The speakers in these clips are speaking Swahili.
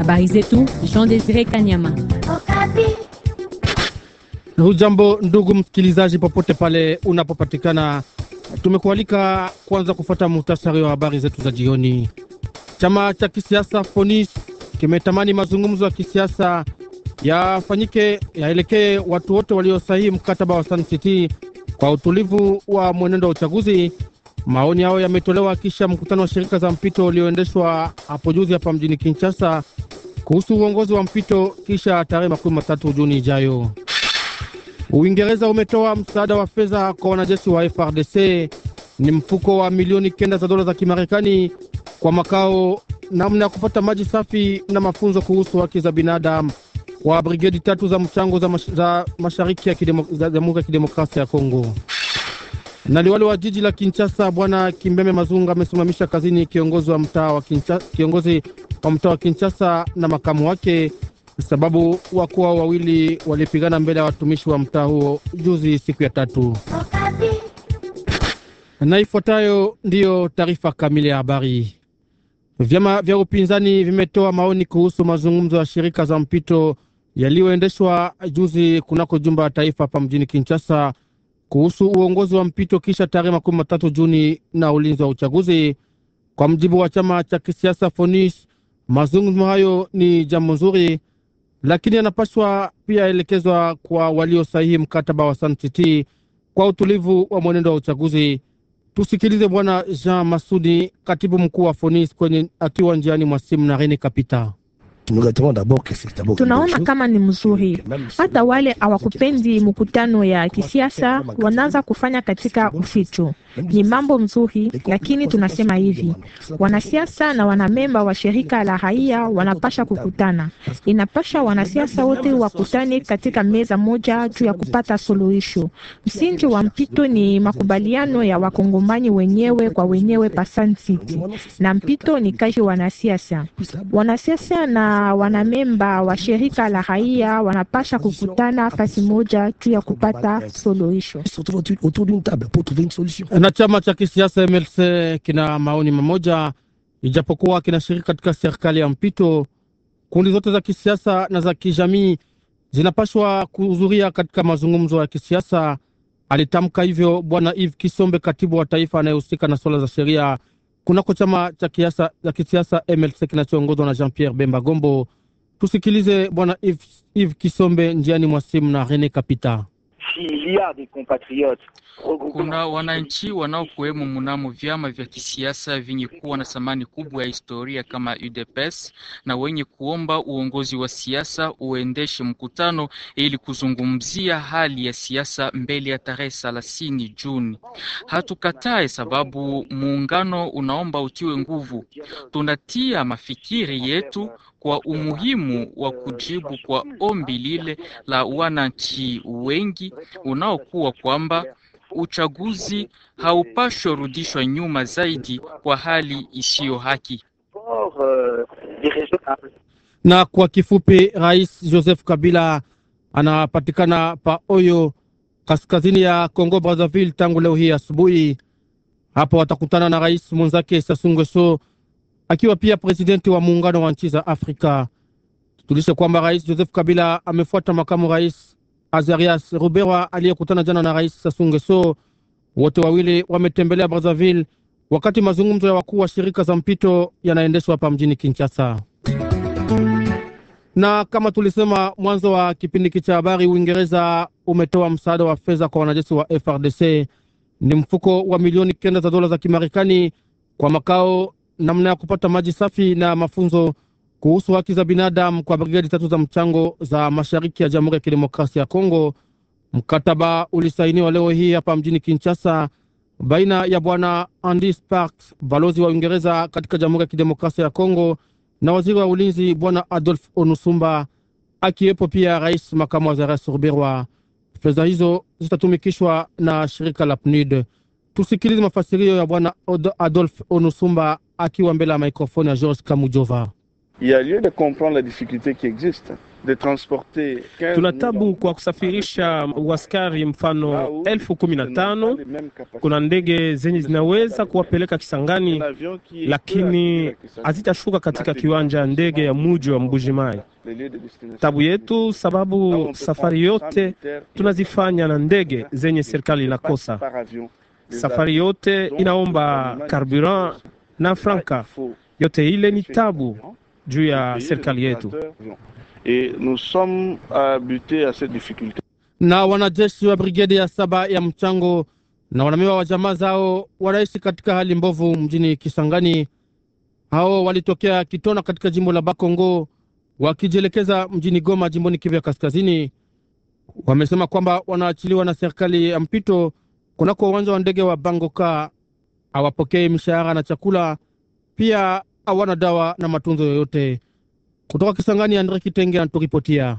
Habari zetu Jean Desire Kanyama. Hujambo ndugu msikilizaji, popote pale unapopatikana, tumekualika kwanza kufata muhtasari wa habari zetu za jioni. Chama cha kisiasa FONIS kimetamani mazungumzo ya kisiasa yafanyike, yaelekee watu wote waliosahihi mkataba wa San City kwa utulivu wa mwenendo wa uchaguzi Maoni hayo yametolewa kisha mkutano wa shirika za mpito ulioendeshwa hapo juzi hapa mjini Kinshasa kuhusu uongozi wa mpito kisha tarehe makumi matatu Juni ijayo. Uingereza umetoa msaada wa fedha kwa wanajeshi wa FRDC, ni mfuko wa milioni kenda za dola za Kimarekani kwa makao, namna ya kupata maji safi na mafunzo kuhusu haki za binadamu kwa brigedi tatu za mchango za, mash, za mashariki ya Jamhuri ya Kidemokrasia ya Kongo. Na liwali wa jiji la Kinshasa bwana Kimbembe Mazunga amesimamisha kazini kiongozi wa mtaa wa Kinshasa, kiongozi wa mtaa wa Kinshasa na makamu wake, sababu wakuu hao wawili walipigana mbele ya watumishi wa mtaa huo juzi siku ya tatu. Na ifuatayo ndiyo taarifa kamili ya habari. Vyama vya upinzani vimetoa maoni kuhusu mazungumzo ya shirika za mpito yaliyoendeshwa juzi kunako jumba la taifa hapa mjini Kinshasa kuhusu uongozi wa mpito kisha tarehe makumi matatu Juni na ulinzi wa uchaguzi. Kwa mjibu wa chama cha kisiasa Fonis, mazungumzo hayo ni jambo nzuri, lakini yanapaswa pia elekezwa kwa waliosahihi mkataba wa SANTT kwa utulivu wa mwenendo wa uchaguzi. Tusikilize Bwana Jean Masudi, katibu mkuu wa Fonis, kwenye akiwa njiani mwa simu na Rene Kapita tunaona kama ni mzuri. Hata wale hawakupendi mkutano ya kisiasa wanaanza kufanya katika uficho. Ni mambo mzuri, lakini tunasema hivi, wanasiasa na wanamemba wa shirika la raia wanapasha kukutana. Inapasha wanasiasa wote wakutane katika meza moja juu ya kupata suluhisho. Msingi wa mpito ni makubaliano ya wakongomani wenyewe kwa wenyewe pasansiti, na mpito ni kazi wanasiasa. Wanasiasa na wanamemba wa shirika la raia wanapasha kukutana fasi moja juu ya kupata suluhisho na chama cha kisiasa MLC kina maoni mamoja, ijapokuwa kinashiriki katika serikali ya mpito. Kundi zote za kisiasa na za kijamii zinapashwa kuhudhuria katika mazungumzo ya kisiasa. Alitamka hivyo Bwana Eve Kisombe, katibu wa taifa anayehusika na swala za sheria kunako chama cha kisiasa MLC kinachoongozwa na Jean Pierre Bemba Gombo. Tusikilize Bwana Eve Kisombe njiani mwa simu na Rene Kapita s'il y a des compatriotes kuna wananchi wanaokuwemo mnamo vyama vya kisiasa vyenye kuwa na thamani kubwa ya historia kama UDPS na wenye kuomba uongozi wa siasa uendeshe mkutano ili kuzungumzia hali ya siasa mbele ya tarehe 30 Juni. Hatukatae sababu muungano unaomba utiwe nguvu, tunatia mafikiri yetu kwa umuhimu wa kujibu kwa ombi lile la wananchi wengi unaokuwa kwamba uchaguzi haupashwa rudishwa nyuma zaidi kwa hali isiyo haki. Na kwa kifupi, Rais Joseph Kabila anapatikana pa Oyo kaskazini ya congo Brazzaville tangu leo hii asubuhi. Hapo watakutana na rais mwenzake Sassou Nguesso akiwa pia presidenti wa muungano wa nchi za Afrika. tutulishe kwamba Rais Joseph Kabila amefuata makamu rais Azarias Ruberwa aliyekutana jana na Rais Sasungeso. Wote wawili wametembelea Brazzaville wakati mazungumzo ya wakuu wa shirika za mpito yanaendeshwa hapa mjini Kinshasa. Na kama tulisema mwanzo wa kipindi cha habari, Uingereza umetoa msaada wa fedha kwa wanajeshi wa FRDC, ni mfuko wa milioni kenda za dola za Kimarekani kwa makao namna ya kupata maji safi na mafunzo kuhusu haki za binadamu kwa brigadi tatu za mchango za mashariki ya Jamhuri ya Kidemokrasia ya Kongo. Mkataba ulisainiwa leo hii hapa mjini Kinshasa baina ya bwana Andy Sparks, balozi wa Uingereza katika Jamhuri ya Kidemokrasia ya Kongo, na waziri wa ulinzi bwana Adolf Onusumba, akiwepo pia rais makamu wa Zara Surberwa. Fedha hizo zitatumikishwa na shirika la PNUD. Tusikilize mafasirio ya bwana Adolf Onusumba akiwa mbele ya mikrofoni ya George Kamujova. Tuna tabu kwa kusafirisha waskari mfano elfu kumi na tano. Kuna ndege zenye zinaweza kuwapeleka Kisangani, lakini hazitashuka katika kiwanja ya ndege ya muji wa Mbujimai. Tabu yetu sababu safari yote tunazifanya na ndege zenye serikali inakosa. Safari yote inaomba karburant na franka. Yote ile ni tabu juu ya serikali yetu na wanajeshi wa brigedi ya saba ya mchango na wanamewa wa jamaa zao wanaishi katika hali mbovu mjini Kisangani. Hao walitokea Kitona katika jimbo la Bakongo wakijielekeza mjini Goma jimboni Kivu ya Kaskazini. Wamesema kwamba wanaachiliwa na serikali ya mpito kunako uwanja wa ndege wa Bangoka hawapokei mshahara na chakula, pia hawana dawa na matunzo yoyote. Kutoka Kisangani, Andre Kitenge anaturipotia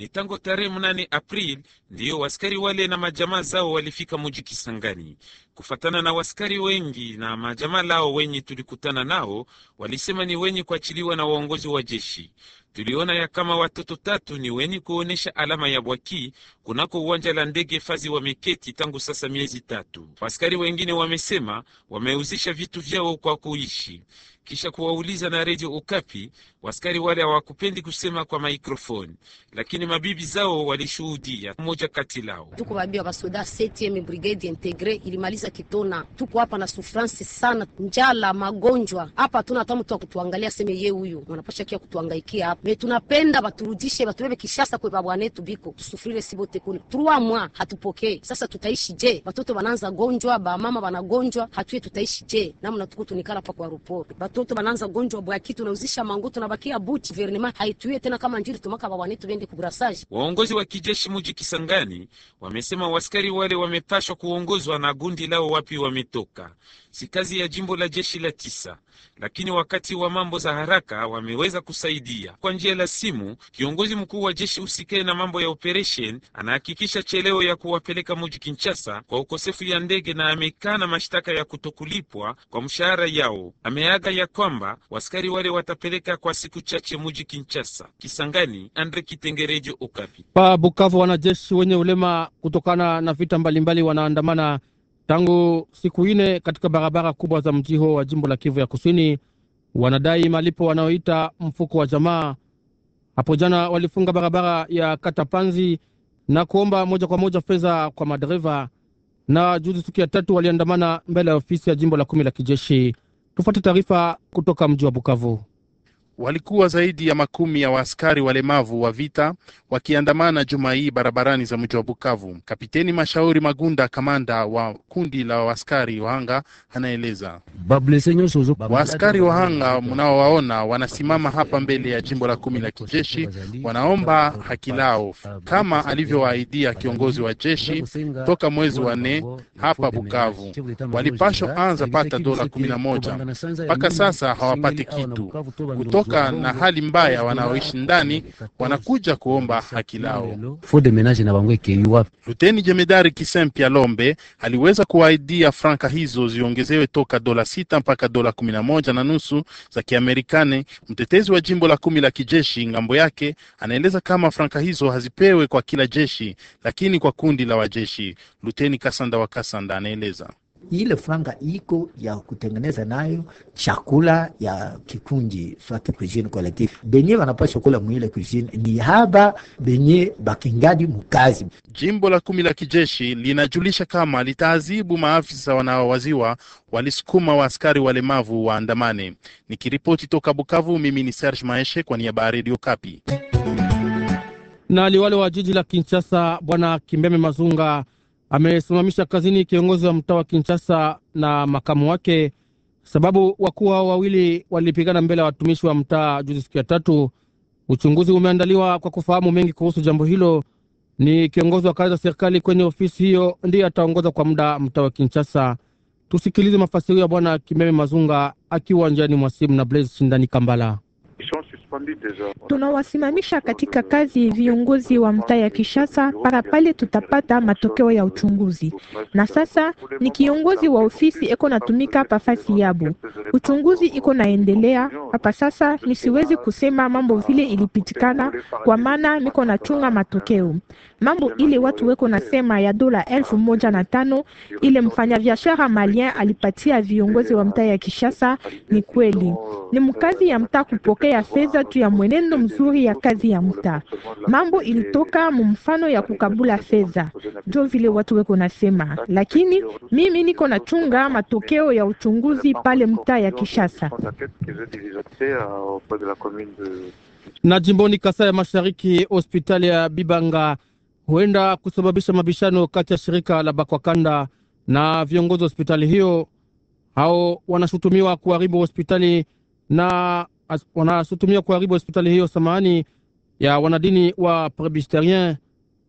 ni tango tarehe mnane April ndiyo waskari wale na majamaa zao walifika muji Kisangani. Kufatana na waskari wengi na majamaa lao wenye tulikutana nao, walisema ni wenye kuachiliwa na waongozi wa jeshi. Tuliona ya kama watoto tatu ni wenye kuonyesha alama ya bwaki kunako uwanja la ndege fazi wameketi tangu sasa miezi tatu. Waskari wengine wamesema wameuzisha vitu vyao kwa kuishi kisha kuwauliza na redio ukapi Waskari wale hawakupendi kusema kwa mikrofoni lakini mabibi zao walishuhudia. Mmoja kati lao tuko wa wasoda septieme brigade integre ilimaliza Kitona. Tuko hapa na sufransi sana, njala, magonjwa hapa, hatuna hata mtu akutuangalia seme ye huyu wanapasha kia kutuangaikia hapa me, tunapenda baturudishe batubebe Kishasa kwe babwanetu biko tusufrire sibote kule trua mwa hatupokee. Sasa tutaishi je? Batoto bananza gonjwa, bamama banagonjwa, hatuye tutaishi je? namna tuko tunikala pa kwa rupori batu batoto bananza gonjwa bwaki, tunauzisha mango, tunabakia buti. vernema haituye tena kama njiri tumaka bawanetu bende kugrasaji. Waongozi wa kijeshi muji Kisangani wamesema waskari wale wamepashwa kuongozwa na gundi lao wapi wametoka, si kazi ya jimbo la jeshi la tisa, lakini wakati wa mambo za haraka wameweza kusaidia kwa njia la simu. Kiongozi mkuu wa jeshi usikae na mambo ya operation anahakikisha cheleo ya kuwapeleka muji Kinshasa kwa ukosefu ya ndege, na amekaa na mashtaka ya kutokulipwa kwa mshahara yao ameaga ya ya kwamba waskari wale watapeleka kwa siku chache muji Kinshasa, Kisangani. Andre Kitengerejo, Okapi. Pa Bukavu, wanajeshi wenye ulema kutokana na vita mbalimbali wanaandamana tangu siku ine katika barabara kubwa za mji huo wa jimbo la Kivu ya Kusini. Wanadai malipo wanaoita mfuko wa jamaa. Hapo jana walifunga barabara ya Katapanzi na kuomba moja kwa moja fedha kwa madereva. Na juzi siku ya tatu waliandamana mbele ya ofisi ya jimbo la kumi la kijeshi. Tufuate taarifa kutoka mji wa Bukavu. Walikuwa zaidi ya makumi ya waaskari walemavu wa vita wakiandamana juma hii barabarani za mji wa Bukavu. Kapiteni Mashauri Magunda, kamanda wa kundi la waaskari wahanga, anaeleza waaskari wahanga mnaowaona wanasimama hapa mbele ya jimbo la kumi la kijeshi, wanaomba haki lao kama alivyowaahidia kiongozi wa jeshi toka mwezi wa nne hapa Bukavu. Walipashwa anza pata dola kumi na moja mpaka sasa hawapati kitu kutoka kutoka na hali mbaya wanaoishi ndani, wanakuja kuomba haki lao. Luteni Jemedari Kisempia Lombe aliweza kuwaidia franka hizo ziongezewe toka dola sita mpaka dola kumi na moja na nusu za Kiamerikani. Mtetezi wa jimbo la kumi la kijeshi ngambo yake anaeleza kama franka hizo hazipewe kwa kila jeshi, lakini kwa kundi la wajeshi. Luteni Kasanda wa Kasanda anaeleza ile franga iko ya kutengeneza nayo chakula ya kikunji soit cuisine collective benye banapasha kula mwile cuisine ni haba benye bakingadi mukazi. Jimbo la kumi la kijeshi linajulisha kama litaazibu maafisa wanaowaziwa walisukuma waaskari walemavu waandamane. Nikiripoti toka Bukavu, mimi ni Serge Maeshe kwa niaba ya Radio Kapi na liwale wa jiji la Kinshasa Bwana Kimbeme Mazunga amesimamisha kazini kiongozi wa mtaa wa Kinshasa na makamu wake, sababu wakuu hao wawili walipigana mbele ya watumishi wa mtaa juzi, siku ya tatu. Uchunguzi umeandaliwa kwa kufahamu mengi kuhusu jambo hilo. Ni kiongozi wa kazi za serikali kwenye ofisi hiyo ndiye ataongoza kwa muda mtaa wa Kinshasa. Tusikilize mafasirio ya bwana Kimeme Mazunga akiwa njiani mwa simu na Blaise Shindani Kambala. Tunawasimamisha katika kazi viongozi wa mtaa ya Kishasa para pale tutapata matokeo ya uchunguzi, na sasa ni kiongozi wa ofisi eko natumika pafasi yabu Uchunguzi iko naendelea hapa sasa, nisiwezi kusema mambo vile ilipitikana, kwa maana niko nachunga matokeo mambo ile watu weko na sema ya dola elfu moja na tano ile mfanyabiashara malien alipatia viongozi wa mtaa ya Kishasa. Ni kweli ni mkazi ya mtaa kupokea fedha tu ya mwenendo mzuri ya kazi ya mtaa. Mambo ilitoka mumfano ya kukabula fedha, ndio vile watu weko nasema, lakini mimi niko na chunga matokeo ya uchunguzi pale mtaa ya Kishasa na jimboni Kasai ya Mashariki, hospitali ya Bibanga huenda kusababisha mabishano kati ya shirika la Bakwakanda na viongozi wa hospitali hiyo. Hao wanashutumiwa kuharibu hospitali na wanashutumiwa kuharibu hospitali hiyo, samani ya wanadini wa Presbyterien.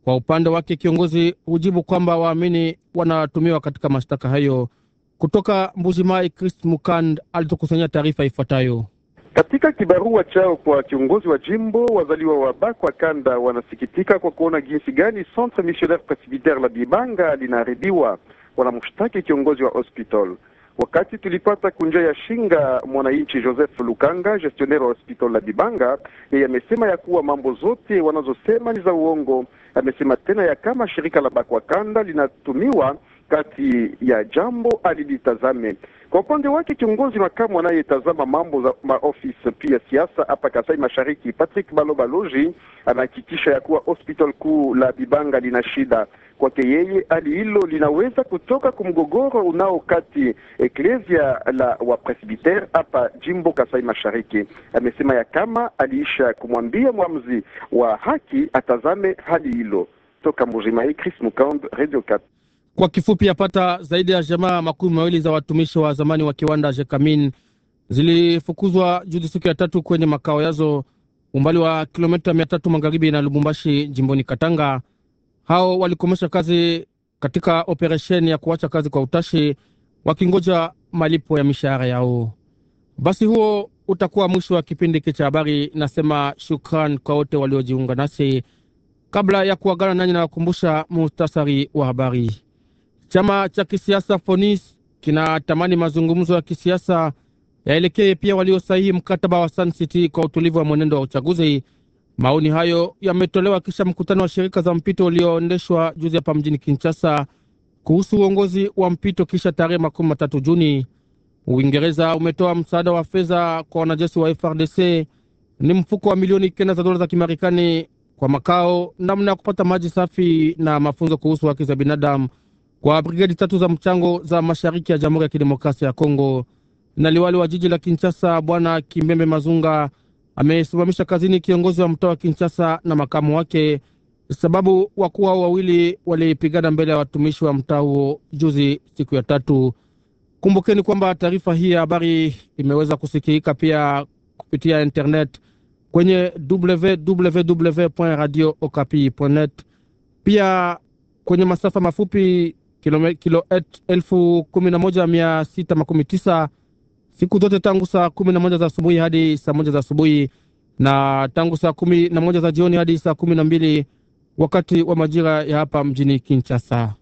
Kwa upande wake kiongozi hujibu kwamba waamini wanatumiwa katika mashtaka hayo. Kutoka Mbuji Mai, Chris Mukand alitukusanyia taarifa ifuatayo. Katika kibarua chao kwa kiongozi wa jimbo, wazaliwa wa Bakwa Kanda wanasikitika kwa kuona jinsi gani Centre Missionnaire Presbytere la Bibanga linaharibiwa. Wanamshtaki kiongozi wa hospital. Wakati tulipata kunja ya shinga mwananchi Joseph Lukanga, gestionnaire wa hospital la Bibanga, yeye amesema ya kuwa mambo zote wanazosema ni za uongo. Amesema tena ya kama shirika la Bakwa Kanda linatumiwa kati ya jambo alilitazame kwa upande wake kiongozi makamu anayetazama mambo za maofis pia siasa hapa Kasai Mashariki, Patrick balobaloji anahakikisha ya kuwa hospital kuu la Bibanga lina shida. Kwake yeye, hali hilo linaweza kutoka kumgogoro unao kati eklesia la wa presbiter hapa jimbo Kasai Mashariki. Amesema ya kama aliisha kumwambia mwamzi wa haki atazame hali hilo. Toka Mbujimayi, Chris Mukamb, Radio Kat. Kwa kifupi, yapata zaidi ya jamaa makumi mawili za watumishi wa zamani wa kiwanda Jekamin zilifukuzwa juzi siku ya tatu kwenye makao yazo umbali wa kilomita mia tatu magharibi na Lubumbashi jimboni Katanga. Hao walikomesha kazi katika operesheni ya kuacha kazi kwa utashi, wakingoja malipo ya mishahara yao. Basi huo utakuwa mwisho wa kipindi hiki cha habari. Nasema shukran kwa wote waliojiunga nasi. Kabla ya kuagana nanyi, nawakumbusha muhtasari wa habari. Chama cha kisiasa FONIS kinatamani mazungumzo ya kisiasa yaelekee pia waliosahihi mkataba wa Sun City kwa utulivu wa mwenendo wa uchaguzi. Maoni hayo yametolewa kisha mkutano wa shirika za mpito ulioendeshwa juzi hapa mjini Kinshasa kuhusu uongozi wa mpito kisha tarehe makumi matatu Juni. Uingereza umetoa msaada wa fedha kwa wanajeshi wa FRDC, ni mfuko wa milioni kenda za dola za Kimarekani kwa makao, namna ya kupata maji safi na mafunzo kuhusu haki za binadamu kwa brigadi tatu za mchango za mashariki ya Jamhuri ya Kidemokrasia ya Kongo. Na liwali wa jiji la Kinshasa Bwana Kimbembe Mazunga amesimamisha kazini kiongozi wa mtaa wa Kinshasa na makamu wake, sababu wakuu hao wawili walipigana mbele ya watumishi wa mtaa huo juzi siku ya tatu. Kumbukeni kwamba taarifa hii ya habari imeweza kusikika pia kupitia internet kwenye www.radiookapi.net pia kwenye masafa mafupi kilo elfu kumi na moja mia sita makumi tisa siku zote tangu saa kumi na moja za asubuhi hadi saa moja za asubuhi na tangu saa kumi na moja za jioni hadi saa kumi na mbili wakati wa majira ya hapa mjini Kinshasa.